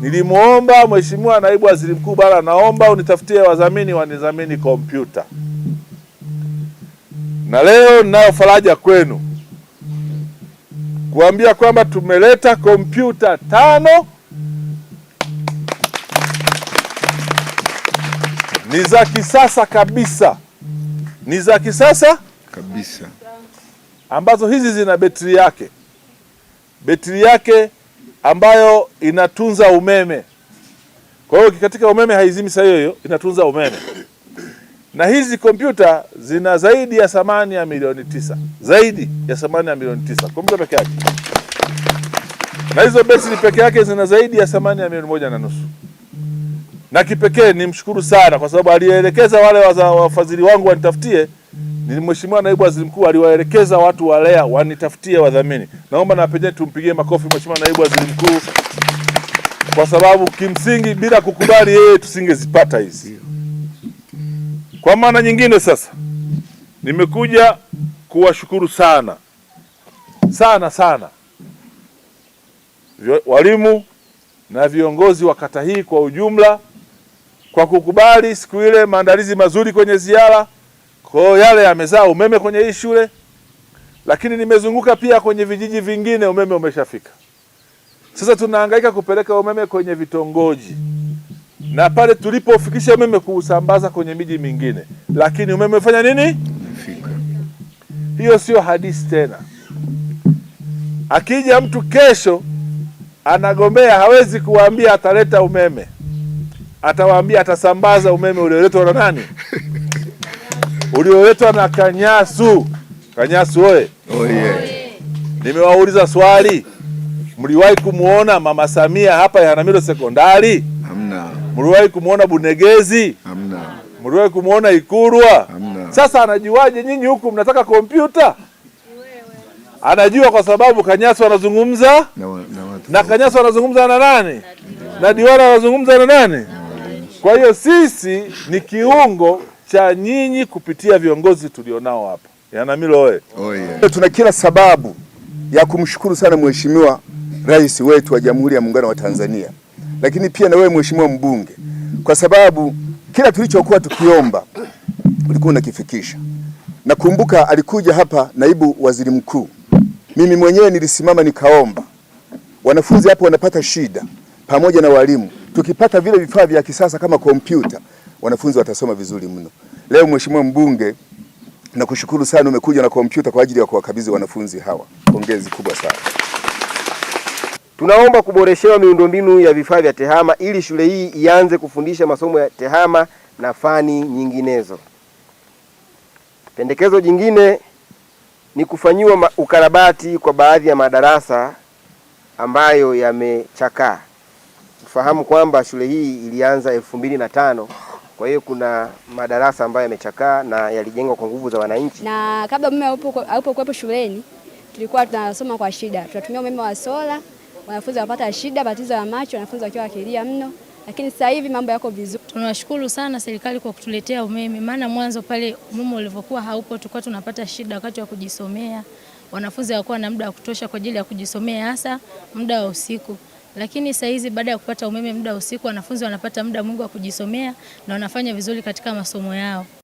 Nilimwomba Mheshimiwa Naibu Waziri Mkuu Bara, naomba unitafutie wadhamini wanidhamini kompyuta, na leo ninayo faraja kwenu kuambia kwamba tumeleta kompyuta tano, ni za kisasa kabisa, ni za kisasa kabisa, ambazo hizi zina betri yake, betri yake ambayo inatunza umeme. Kwa hiyo katika umeme haizimi saa hiyo hiyo, inatunza umeme. Na hizi kompyuta zina zaidi ya thamani ya milioni tisa, zaidi ya thamani ya milioni tisa kompyuta peke yake, na hizo ni peke yake zina zaidi ya thamani ya milioni moja na nusu. Na kipekee ni mshukuru sana kwa sababu alielekeza wale wafadhili wangu wanitafutie ni Mheshimiwa Naibu Waziri Mkuu aliwaelekeza watu wa Lea wanitafutie wadhamini. Naomba na pengine tumpigie makofi Mheshimiwa Naibu Waziri Mkuu kwa sababu kimsingi bila kukubali yeye tusingezipata hizi. Kwa maana nyingine, sasa nimekuja kuwashukuru sana sana sana walimu na viongozi wa kata hii kwa ujumla kwa kukubali siku ile maandalizi mazuri kwenye ziara kwa hiyo yale yamezaa umeme kwenye hii shule, lakini nimezunguka pia kwenye vijiji vingine, umeme umeshafika. Sasa tunahangaika kupeleka umeme kwenye vitongoji na pale tulipofikisha umeme kuusambaza kwenye miji mingine, lakini umeme umefanya nini? Hiyo sio hadithi tena. Akija mtu kesho anagombea, hawezi kuwambia ataleta umeme, atawaambia atasambaza umeme ulioletwa na nani? ulioletwa na Kanyasu. Kanyasu oye! oh, yeah. Nimewauliza swali, mliwahi kumwona Mama Samia hapa Ihanamilo Sekondari? Hamna. Mliwahi kumwona Bunegezi? Hamna. Mliwahi kumwona Ikurwa? Hamna. Sasa anajuaje nyinyi huku mnataka kompyuta? Anajua kwa sababu Kanyasu anazungumza na, na, na Kanyasu anazungumza na nani? Na Diwani anazungumza na nani? Kwa hiyo sisi ni kiungo cha nyinyi kupitia viongozi tulionao hapa. Yanamilo oye! Oh, yeah. Tuna kila sababu ya kumshukuru sana Mheshimiwa Rais wetu wa Jamhuri ya Muungano wa Tanzania, lakini pia na wewe Mheshimiwa mbunge, kwa sababu kila tulichokuwa tukiomba ulikuwa unakifikisha. Nakumbuka alikuja hapa naibu waziri mkuu, mimi mwenyewe nilisimama nikaomba, wanafunzi hapo wanapata shida pamoja na walimu, tukipata vile vifaa vya kisasa kama kompyuta wanafunzi watasoma vizuri mno. Leo Mheshimiwa Mbunge, nakushukuru sana, umekuja na kompyuta kwa ajili ya kuwakabidhi wanafunzi hawa. Pongezi kubwa sana. Tunaomba kuboreshewa miundombinu ya vifaa vya TEHAMA ili shule hii ianze kufundisha masomo ya TEHAMA na fani nyinginezo. Pendekezo jingine ni kufanyiwa ukarabati kwa baadhi ya madarasa ambayo yamechakaa. fahamu kwamba shule hii ilianza elfu mbili na tano. Kwa hiyo kuna madarasa ambayo yamechakaa na yalijengwa kwa nguvu za wananchi, na kabla umeme haupokuwepo shuleni tulikuwa tunasoma kwa shida, tunatumia umeme wa sola, wanafunzi wanapata shida, matatizo ya macho, wanafunzi wakiwa wakilia mno, lakini sasa hivi mambo yako vizuri. Tunashukuru sana serikali kwa kutuletea umeme, maana mwanzo pale umeme ulivyokuwa haupo tulikuwa tunapata shida wakati wa kujisomea, wanafunzi hawakuwa na muda wa kutosha kwa ajili ya kujisomea, hasa muda wa usiku. Lakini saa hizi baada ya kupata umeme muda usiku, wanafunzi wanapata muda mwingi wa kujisomea na wanafanya vizuri katika masomo yao.